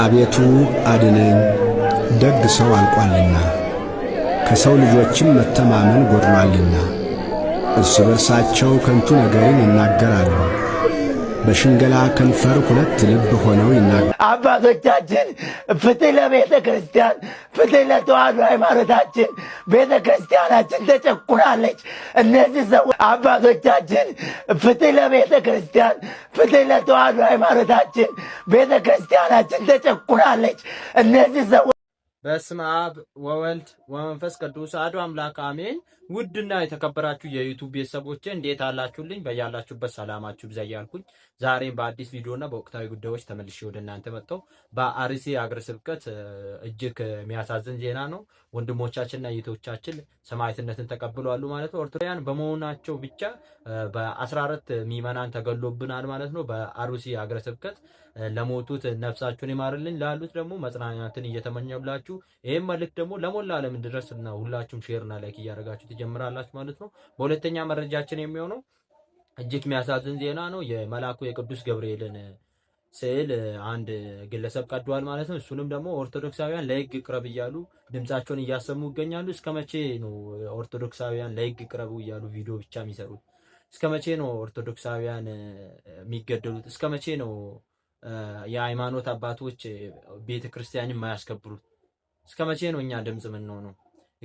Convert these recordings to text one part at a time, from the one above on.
አቤቱ አድነኝ፣ ደግ ሰው አልቋልና፣ ከሰው ልጆችም መተማመን ጎድሏልና። እርስ በርሳቸው ከንቱ ነገርን ይናገራሉ። በሽንገላ ከንፈር ሁለት ልብ ሆነው ይናገ አባቶቻችን ፍትህ ለቤተ ክርስቲያን፣ ፍትህ ለተዋህዶ ሃይማኖታችን። ቤተ ክርስቲያናችን ተጨቁናለች። እነዚህ ሰዎች አባቶቻችን ፍትህ ለቤተ ክርስቲያን፣ ፍትህ ለተዋህዶ ሃይማኖታችን። ቤተ ክርስቲያናችን ተጨቁናለች። እነዚህ ሰዎች በስመ አብ ወወልድ ወመንፈስ ቅዱስ አሐዱ አምላክ አሜን። ውድና የተከበራችሁ የዩቱብ ቤተሰቦች እንዴት አላችሁልኝ? በያላችሁበት ሰላማችሁ ብዛ እያልኩኝ ዛሬም በአዲስ ቪዲዮና በወቅታዊ ጉዳዮች ተመልሼ ወደ እናንተ መጥተው በአርሲ ሀገረ ስብከት እጅግ የሚያሳዝን ዜና ነው። ወንድሞቻችንና እህቶቻችን ሰማዕትነትን ተቀብለዋል ማለት ነው። ኦርቶዶክሳውያን በመሆናቸው ብቻ በአስራ አራት ምዕመናን ተገሎብናል ማለት ነው። በአርሲ አገረ ስብከት ለሞቱት ነፍሳችሁን ይማርልኝ፣ ላሉት ደግሞ መጽናናትን እየተመኘሁላችሁ ይህም መልክ ደግሞ ለሞላ ዓለም ድረስ ሁላችሁም ሼርና ላይክ እያደረጋችሁ ትጀምራላችሁ ማለት ነው። በሁለተኛ መረጃችን የሚሆነው እጅግ የሚያሳዝን ዜና ነው። የመልአኩ የቅዱስ ገብርኤልን ስዕል አንድ ግለሰብ ቀዷል ማለት ነው። እሱንም ደግሞ ኦርቶዶክሳውያን ለህግ ቅረብ እያሉ ድምጻቸውን እያሰሙ ይገኛሉ። እስከ መቼ ነው ኦርቶዶክሳውያን ለህግ ቅረቡ እያሉ ቪዲዮ ብቻ የሚሰሩት? እስከ መቼ ነው ኦርቶዶክሳውያን የሚገደሉት? እስከ መቼ ነው የሃይማኖት አባቶች ቤተክርስቲያንን የማያስከብሩት? እስከ መቼ ነው እኛ ድምፅ የምንሆነው?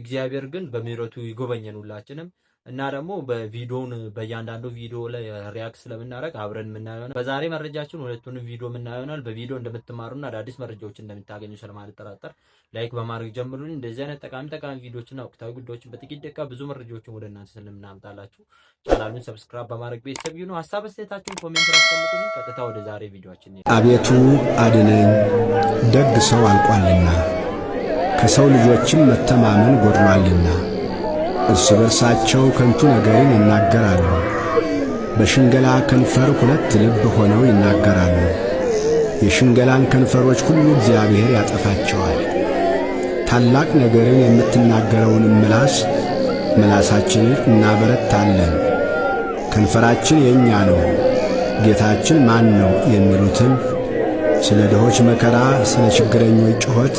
እግዚአብሔር ግን በምህረቱ ይጎበኘን ሁላችንም እና ደግሞ በቪዲዮን በእያንዳንዱ ቪዲዮ ላይ ሪያክት ስለምናደርግ አብረን የምናየሆነ በዛሬ መረጃችን ሁለቱን ቪዲዮ የምናየሆናል። በቪዲዮ እንደምትማሩና አዳዲስ መረጃዎች እንደምታገኙ ስለማልጠራጠር ላይክ በማድረግ ጀምሩልን። እንደዚህ አይነት ጠቃሚ ጠቃሚ ቪዲዮችና ወቅታዊ ጉዳዮችን በጥቂት ደቂቃ ብዙ መረጃዎችን ወደ እናንተ ስለምናምጣላችሁ ቻናሉን ሰብስክራይብ በማድረግ ቤተሰብ ይሁኑ። ሀሳብ አስተያየታችሁን ኮሜንት አስቀምጡልን። ቀጥታ ወደ ዛሬ ቪዲዮችን። አቤቱ አድነኝ፣ ደግ ሰው አልቋልና ከሰው ልጆችም መተማመን ጎድሏልና እርስ በርሳቸው ከንቱ ነገርን ይናገራሉ። በሽንገላ ከንፈር ሁለት ልብ ሆነው ይናገራሉ። የሽንገላን ከንፈሮች ሁሉ እግዚአብሔር ያጠፋቸዋል። ታላቅ ነገርን የምትናገረውንም ምላስ ምላሳችንን እናበረታለን። ከንፈራችን የእኛ ነው፣ ጌታችን ማን ነው የሚሉትን ስለ ድሆች መከራ፣ ስለ ችግረኞች ጩኸት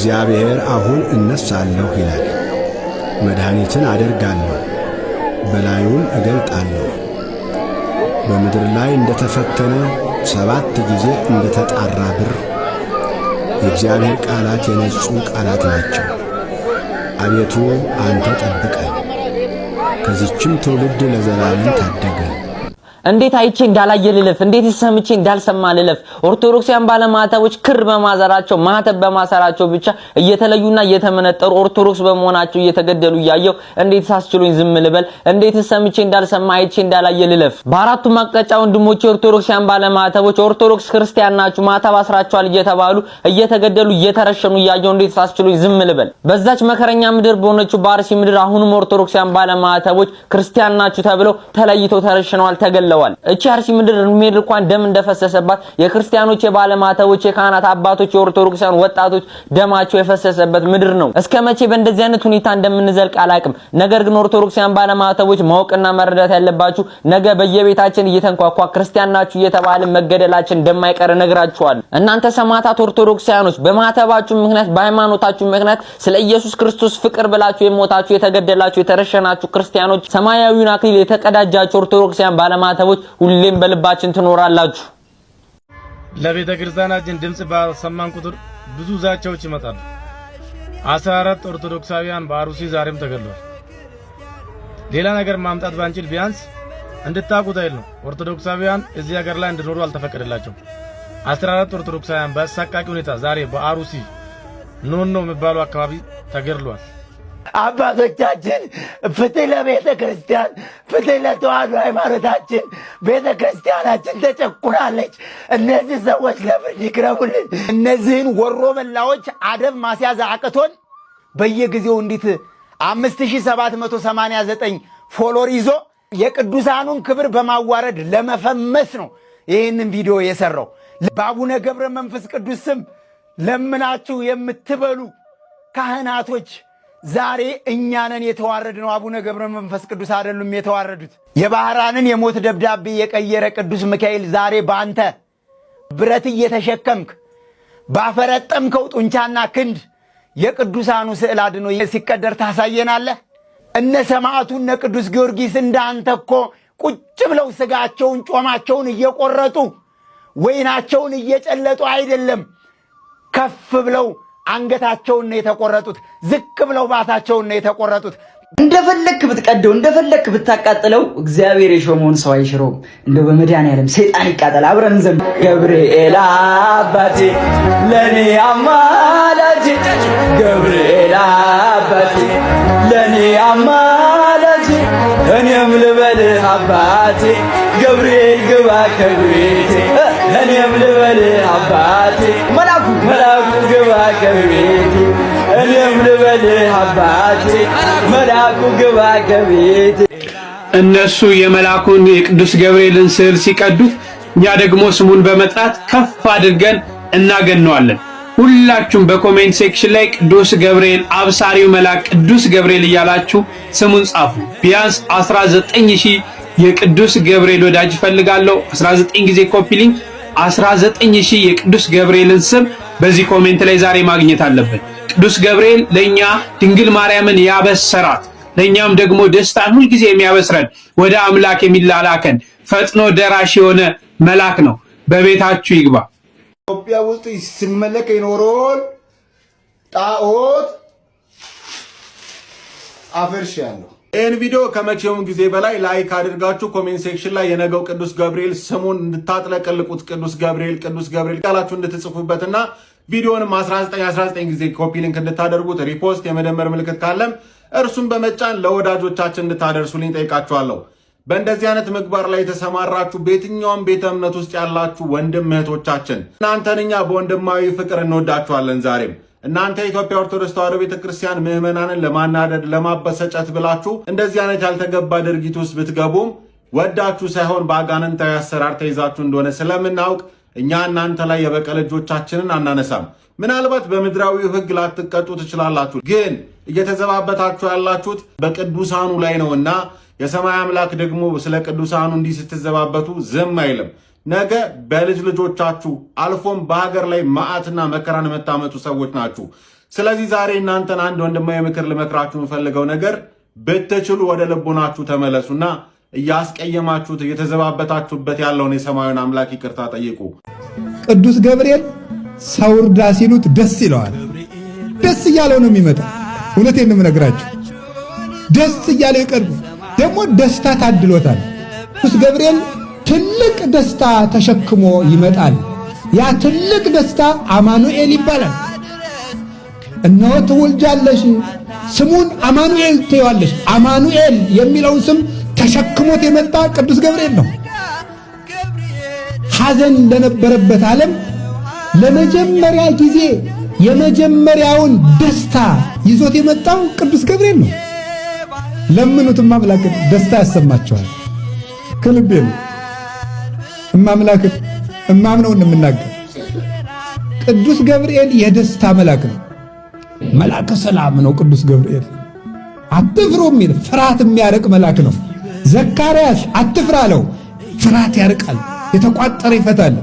እግዚአብሔር አሁን እነሳለሁ ይላል። መድኃኒትን አደርጋለሁ፣ በላዩም እገልጣለሁ። በምድር ላይ እንደ ተፈተነ ሰባት ጊዜ እንደ ተጣራ ብር የእግዚአብሔር ቃላት የነጹ ቃላት ናቸው። አቤቱ አንተ ጠብቀን፣ ከዚችም ትውልድ ለዘላለም ታደገን። እንዴት አይቼ እንዳላየ ልለፍ? እንዴት ሰምቼ እንዳልሰማ ልለፍ? ኦርቶዶክሲያን ባለማህተቦች ክር በማዘራቸው ማህተብ በማሰራቸው ብቻ እየተለዩና እየተመነጠሩ ኦርቶዶክስ በመሆናቸው እየተገደሉ እያየው እንዴት ሳስችሉኝ ዝም ልበል? እንዴት ሰምቼ እንዳልሰማ አይቼ እንዳላየ ልለፍ? በአራቱም አቅጣጫ ወንድሞቼ ኦርቶዶክሲያን ባለማህተቦች ኦርቶዶክስ ክርስቲያን ናችሁ ማህተብ አስራችኋል እየተባሉ እየተገደሉ እየተረሸኑ እያየው እንዴት ሳስችሉኝ ዝም ልበል? በዛች መከረኛ ምድር በሆነችው በአርሲ ምድር አሁንም ኦርቶዶክሲያን ባለማህተቦች ክርስቲያን ናችሁ ተብለው ተለይተው ተረሽነዋል ተገለ ገለዋል። እቺ አርሲ ምድር እድሜ እንኳን ደም እንደፈሰሰባት የክርስቲያኖች፣ የባለማተቦች፣ የካህናት አባቶች፣ የኦርቶዶክሳን ወጣቶች ደማቸው የፈሰሰበት ምድር ነው። እስከ መቼ በእንደዚህ አይነት ሁኔታ እንደምንዘልቅ አላቅም። ነገር ግን ኦርቶዶክሳን ባለማተቦች ማወቅና መረዳት ያለባችሁ ነገ በየቤታችን እየተንኳኳ ክርስቲያን ናችሁ እየተባለ መገደላችን እንደማይቀር እነግራችኋለሁ። እናንተ ሰማዕታት ኦርቶዶክሳኖች በማተባችሁ ምክንያት በሃይማኖታችሁ ምክንያት ስለ ኢየሱስ ክርስቶስ ፍቅር ብላችሁ የሞታችሁ የተገደላችሁ የተረሸናችሁ ክርስቲያኖች ሰማያዊውን አክሊል የተቀዳጃችሁ ኦርቶዶክሳን ባለማተ ግለሰቦች ሁሌም በልባችን ትኖራላችሁ። ለቤተ ክርስቲያናችን ድምፅ ባሰማን ቁጥር ብዙ ዛቻዎች ይመጣሉ። አስራ አራት ኦርቶዶክሳውያን በአሩሲ ዛሬም ተገድለዋል። ሌላ ነገር ማምጣት ባንችል ቢያንስ እንድታቁት አይል ነው። ኦርቶዶክሳውያን እዚህ ሀገር ላይ እንድኖሩ አልተፈቀደላቸው። አስራ አራት ኦርቶዶክሳውያን በአሳቃቂ ሁኔታ ዛሬ በአሩሲ ኖኖ የሚባሉ አካባቢ ተገድሏል። አባቶቻችን ፍትህ ለቤተ ክርስቲያን፣ ፍትህ ለተዋህዶ ሃይማኖታችን። ቤተ ክርስቲያናችን ተጨቁናለች። እነዚህ ሰዎች ለፍርድ ይቅረቡልን። እነዚህን ወሮ መላዎች አደብ ማስያዝ አቅቶን በየጊዜው እንዲት 5789 ፎሎር ይዞ የቅዱሳኑን ክብር በማዋረድ ለመፈመስ ነው ይህንን ቪዲዮ የሰራው። በአቡነ ገብረ መንፈስ ቅዱስ ስም ለምናችሁ የምትበሉ ካህናቶች ዛሬ እኛንን የተዋረድ ነው። አቡነ ገብረ መንፈስ ቅዱስ አይደሉም የተዋረዱት። የባህራንን የሞት ደብዳቤ የቀየረ ቅዱስ ሚካኤል ዛሬ በአንተ ብረት እየተሸከምክ ባፈረጠምከው ጡንቻና ክንድ የቅዱሳኑ ስዕል አድኖ ሲቀደር ታሳየናለህ። እነ ሰማዕቱ እነ ቅዱስ ጊዮርጊስ እንዳንተ እኮ ቁጭ ብለው ስጋቸውን ጮማቸውን እየቆረጡ ወይናቸውን እየጨለጡ አይደለም ከፍ ብለው አንገታቸውን ነው የተቆረጡት። ዝቅ ብለው ባታቸውን ነው የተቆረጡት። እንደፈለክ ብትቀደው እንደፈለክ ብታቃጥለው እግዚአብሔር የሾመውን ሰው አይሽረውም። እንደው በመድኃኒዓለም ሰይጣን ይቃጠል። አብረን ዘንድ ገብርኤል አባቴ ለኔ አማላጅ፣ ገብርኤል አባቴ ለኔ አማላጅ፣ እኔም ልበል አባቴ ገብርኤል ግባ ከቤቴ እኔም ልበል አባቴ ልበልህ አባቴ ግባ እነሱ የመላኩን የቅዱስ ገብርኤልን ስዕል ሲቀዱት፣ እኛ ደግሞ ስሙን በመጥራት ከፍ አድርገን እናገነዋለን። ሁላችሁም በኮሜንት ሴክሽን ላይ ቅዱስ ገብርኤል አብሳሪው መልአክ ቅዱስ ገብርኤል እያላችሁ ስሙን ጻፉ። ቢያንስ ሺ የቅዱስ ገብርኤል ወዳጅ እፈልጋለሁ። 19 ጊዜ ኮፒሊንግ 19 19000 የቅዱስ ገብርኤልን ስም በዚህ ኮሜንት ላይ ዛሬ ማግኘት አለብን። ቅዱስ ገብርኤል ለእኛ ድንግል ማርያምን ያበሰራት ለእኛም ደግሞ ደስታን ሁልጊዜ የሚያበስረን ወደ አምላክ የሚላላከን ፈጥኖ ደራሽ የሆነ መልአክ ነው። በቤታችሁ ይግባ። ኢትዮጵያ ውስጥ ሲመለክ የኖረውን ጣዖት አፈርሻለሁ። ይህን ቪዲዮ ከመቼውም ጊዜ በላይ ላይክ አድርጋችሁ ኮሜንት ሴክሽን ላይ የነገው ቅዱስ ገብርኤል ስሙን እንድታጥለቀልቁት ቅዱስ ገብርኤል ቅዱስ ገብርኤል ቃላችሁ እንድትጽፉበትና ቪዲዮንም 1919 ጊዜ ኮፒ ሊንክ እንድታደርጉት ሪፖስት፣ የመደመር ምልክት ካለም እርሱን በመጫን ለወዳጆቻችን እንድታደርሱልኝ ጠይቃችኋለሁ። በእንደዚህ አይነት ምግባር ላይ የተሰማራችሁ በየትኛውም ቤተ እምነት ውስጥ ያላችሁ ወንድም እህቶቻችን እናንተን እኛ በወንድማዊ ፍቅር እንወዳችኋለን። ዛሬም እናንተ የኢትዮጵያ ኦርቶዶክስ ተዋሕዶ ቤተ ክርስቲያን ምዕመናንን ለማናደድ ለማበሰጨት ብላችሁ እንደዚህ አይነት ያልተገባ ድርጊት ውስጥ ብትገቡም ወዳችሁ ሳይሆን በአጋንንታዊ አሰራር ተይዛችሁ እንደሆነ ስለምናውቅ እኛ እናንተ ላይ የበቀል እጆቻችንን አናነሳም። ምናልባት በምድራዊ ሕግ ላትቀጡ ትችላላችሁ፣ ግን እየተዘባበታችሁ ያላችሁት በቅዱሳኑ ላይ ነውና የሰማይ አምላክ ደግሞ ስለ ቅዱሳኑ እንዲህ ስትዘባበቱ ዝም አይልም። ነገ በልጅ ልጆቻችሁ አልፎም በሀገር ላይ መዓትና መከራን የምታመጡ ሰዎች ናችሁ። ስለዚህ ዛሬ እናንተን አንድ ወንድማዊ ምክር ልመክራችሁ የምፈልገው ነገር ብትችሉ ወደ ልቦናችሁ ተመለሱና እያስቀየማችሁት እየተዘባበታችሁበት ያለውን የሰማዩን አምላክ ይቅርታ ጠይቁ። ቅዱስ ገብርኤል ሰው እርዳ ሲሉት ደስ ይለዋል። ደስ እያለው ነው የሚመጣ እውነቴን ነው የምነግራችሁ። ደስ እያለው ይቀርቡ ደግሞ ደስታ ታድሎታል። ቅዱስ ገብርኤል ትልቅ ደስታ ተሸክሞ ይመጣል። ያ ትልቅ ደስታ አማኑኤል ይባላል። እነሆ ትውልጃለሽ ስሙን አማኑኤል ትይዋለሽ። አማኑኤል የሚለውን ስም ተሸክሞት የመጣ ቅዱስ ገብርኤል ነው። ሐዘን ለነበረበት ዓለም ለመጀመሪያ ጊዜ የመጀመሪያውን ደስታ ይዞት የመጣው ቅዱስ ገብርኤል ነው። ለምኑት አምላክን ደስታ ያሰማቸዋል። ከልቤ ነው እማምላክን እማምነውን የምናገር ቅዱስ ገብርኤል የደስታ መልአክ ነው። መልአከ ሰላም ነው ቅዱስ ገብርኤል አትፍሩ የሚል ፍርሃት የሚያረቅ መልአክ ነው። ዘካርያስ አትፍራ አለው። ፍርሃት ያርቃል፣ የተቋጠረ ይፈታል።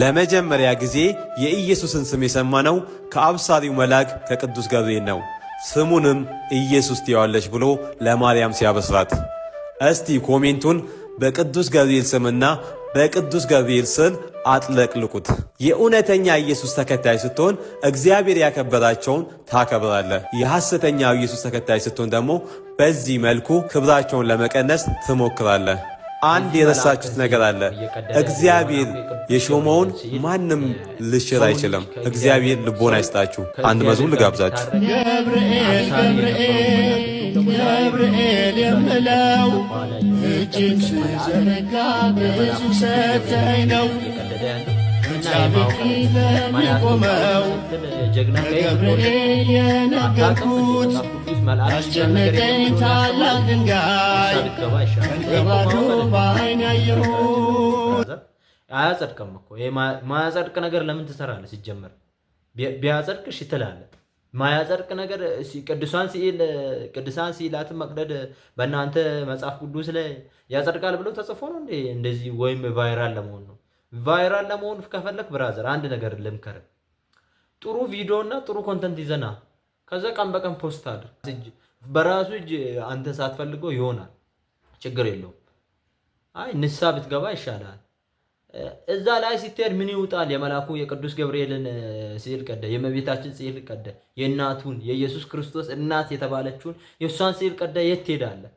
ለመጀመሪያ ጊዜ የኢየሱስን ስም የሰማነው ከአብሳሪው መልአክ ከቅዱስ ገብርኤል ነው። ስሙንም ኢየሱስ ትይዋለሽ ብሎ ለማርያም ሲያበስራት። እስቲ ኮሜንቱን በቅዱስ ገብርኤል ስምና በቅዱስ ገብርኤል ስዕል አጥለቅልቁት። የእውነተኛ ኢየሱስ ተከታይ ስትሆን እግዚአብሔር ያከበራቸውን ታከብራለህ። የሐሰተኛው ኢየሱስ ተከታይ ስትሆን ደግሞ በዚህ መልኩ ክብራቸውን ለመቀነስ ትሞክራለህ። አንድ የረሳችሁት ነገር አለ። እግዚአብሔር የሾመውን ማንም ልሽር አይችልም። እግዚአብሔር ልቦን አይስጣችሁ። አንድ መዝሙር ልጋብዛችሁ። ገብርኤል የምለው እጅን ስዘረጋ ብዙ ነው በሚቆመው የነገርኩት አስጨነቀኝ ታላቅ ድንጋይ ከባዶ ያየሁት። አያጸድቅም እኮ ነገር ለምን ትሰራለህ? ሲጀመር ቢያጸድቅ ትላለህ። ማያጸድቅ ነገር ቅዱሳን ሲል ቅዱሳን ሲላት መቅደድ በእናንተ መጽሐፍ ቅዱስ ላይ ያጸድቃል ብለው ተጽፎ ነው እንዴ? እንደዚህ ወይም ቫይራል ለመሆን ነው። ቫይራል ለመሆን ከፈለክ ብራዘር፣ አንድ ነገር ልምከር። ጥሩ ቪዲዮ እና ጥሩ ኮንተንት ይዘና ከዛ ቀን በቀን ፖስት አድርግ። በራሱ እጅ አንተ ሳትፈልገው ይሆናል፣ ችግር የለውም። አይ ንሳ ብትገባ ይሻላል። እዛ ላይ ስትሄድ ምን ይውጣል? የመላኩ የቅዱስ ገብርኤልን ስዕል ቀደ፣ የእመቤታችን ስዕል ቀደ፣ የእናቱን የኢየሱስ ክርስቶስ እናት የተባለችውን የእሷን ስዕል ቀደ። የት ትሄዳለህ?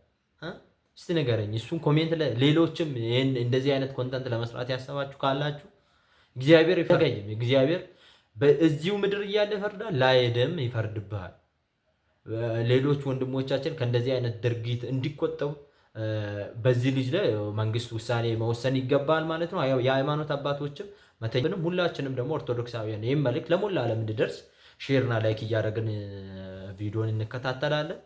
እስቲ ንገረኝ። እሱን ኮሜንት ላይ ሌሎችም ይህን እንደዚህ አይነት ኮንተንት ለመስራት ያሰባችሁ ካላችሁ እግዚአብሔር ይፈገኝም። እግዚአብሔር በዚሁ ምድር እያለ ይፈርዳል፣ ላይደም ይፈርድብሃል። ሌሎች ወንድሞቻችን ከእንደዚህ አይነት ድርጊት እንዲቆጠቡ በዚህ ልጅ ላይ መንግስት ውሳኔ መወሰን ይገባል ማለት ነው። ያው የሃይማኖት አባቶችም መተብንም ሁላችንም ደግሞ ኦርቶዶክሳውያን ይህም መልእክት ለሞላ ዓለም እንድደርስ ሼርና ላይክ እያደረግን ቪዲዮን እንከታተላለን።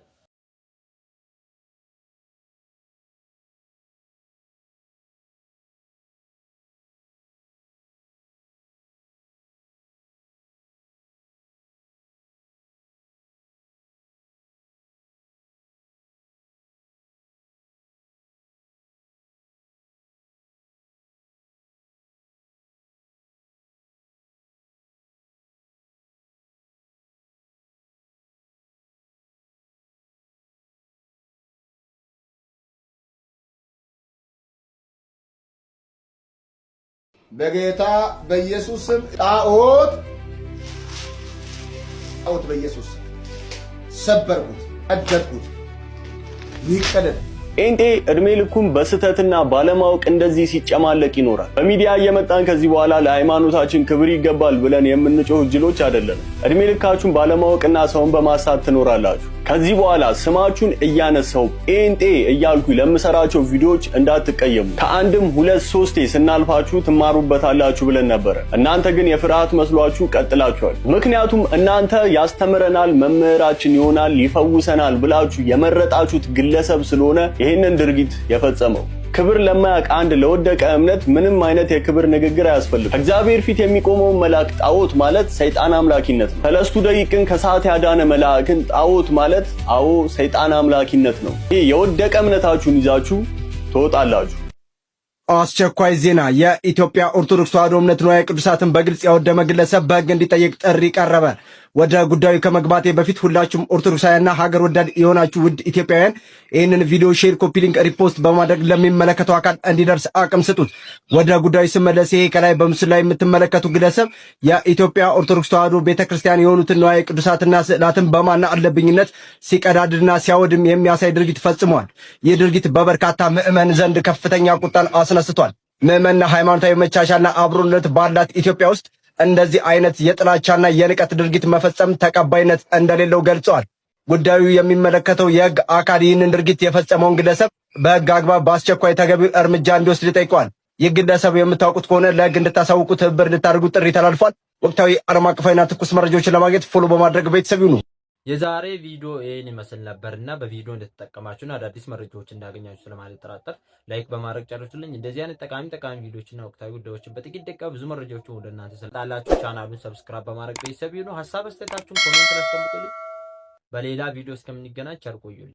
በጌታ በኢየሱስም ጣዖት ጣዖት በኢየሱስ ሰበርኩት፣ ቀደድኩት። ይቀደድ። ጴንጤ እድሜ ልኩን በስህተትና ባለማወቅ እንደዚህ ሲጨማለቅ ይኖራል። በሚዲያ እየመጣን ከዚህ በኋላ ለሃይማኖታችን ክብር ይገባል ብለን የምንጮህ ጅሎች አይደለንም። እድሜ ልካችሁን ባለማወቅና ሰውን በማሳት ትኖራላችሁ። ከዚህ በኋላ ስማችሁን እያነሳው ጴንጤ እያልኩ ለምሰራቸው ቪዲዮዎች እንዳትቀየሙ። ከአንድም ሁለት ሶስቴ ስናልፋችሁ ትማሩበታላችሁ ብለን ነበረ። እናንተ ግን የፍርሃት መስሏችሁ ቀጥላችኋል። ምክንያቱም እናንተ ያስተምረናል፣ መምህራችን ይሆናል፣ ይፈውሰናል ብላችሁ የመረጣችሁት ግለሰብ ስለሆነ ይህንን ድርጊት የፈጸመው። ክብር ለማያውቅ አንድ ለወደቀ እምነት ምንም አይነት የክብር ንግግር አያስፈልግም። እግዚአብሔር ፊት የሚቆመውን መልአክ ጣዖት ማለት ሰይጣን አምላኪነት ነው። ሰለስቱ ደቂቅን ከሰዓት ያዳነ መልአክን ጣዖት ማለት አዎ ሰይጣን አምላኪነት ነው። ይህ የወደቀ እምነታችሁን ይዛችሁ ትወጣላችሁ። አስቸኳይ ዜና። የኢትዮጵያ ኦርቶዶክስ ተዋሕዶ እምነት ንዋየ ቅዱሳትን በግልጽ ያወደመ ግለሰብ በሕግ እንዲጠየቅ ጥሪ ቀረበ። ወደ ጉዳዩ ከመግባቴ በፊት ሁላችሁም ኦርቶዶክሳውያንና ሀገር ወዳድ የሆናችሁ ውድ ኢትዮጵያውያን ይህንን ቪዲዮ ሼር፣ ኮፒ ሊንክ፣ ሪፖስት በማድረግ ለሚመለከተው አካል እንዲደርስ አቅም ስጡት። ወደ ጉዳዩ ስመለስ ይሄ ከላይ በምስሉ ላይ የምትመለከቱ ግለሰብ የኢትዮጵያ ኦርቶዶክስ ተዋሕዶ ቤተክርስቲያን የሆኑትን ንዋየ ቅዱሳትና ስዕላትን በማና አለብኝነት ሲቀዳድድና ሲያወድም የሚያሳይ ድርጊት ፈጽመዋል። ይህ ድርጊት በበርካታ ምዕመን ዘንድ ከፍተኛ ቁጣን አስነስቷል። ምዕመንና ሃይማኖታዊ መቻቻልና አብሮነት ባላት ኢትዮጵያ ውስጥ እንደዚህ አይነት የጥላቻና የንቀት ድርጊት መፈጸም ተቀባይነት እንደሌለው ገልጿል። ጉዳዩ የሚመለከተው የህግ አካል ይህንን ድርጊት የፈጸመውን ግለሰብ በህግ አግባብ በአስቸኳይ ተገቢ እርምጃ እንዲወስድ ጠይቋል። ይህ ግለሰብ የምታውቁት ከሆነ ለህግ እንድታሳውቁ ትብብር እንድታደርጉ ጥሪ ተላልፏል። ወቅታዊ ዓለም አቀፋዊና ትኩስ መረጃዎችን ለማግኘት ፎሎ በማድረግ ቤተሰብ ይሁኑ። የዛሬ ቪዲዮ ይህን ይመስል ነበርና እና በቪዲዮ እንደተጠቀማችሁና አዳዲስ መረጃዎች እንዳገኛችሁ ስለማልጠራጠር ላይክ በማድረግ ጨርሱልኝ። እንደዚህ አይነት ጠቃሚ ጠቃሚ ቪዲዮዎችና ወቅታዊ ጉዳዮችን በጥቂት ደቂቃ ብዙ መረጃዎችን ወደ እናንተ ስለጣላችሁ ቻናሉን ሰብስክራይብ በማድረግ ቤተሰብ ይሁኑ። ሀሳብ አስተያየታችሁን ኮሜንት ላይ አስቀምጡልኝ። በሌላ ቪዲዮ እስከምንገናኝ ቸር ቆዩልኝ።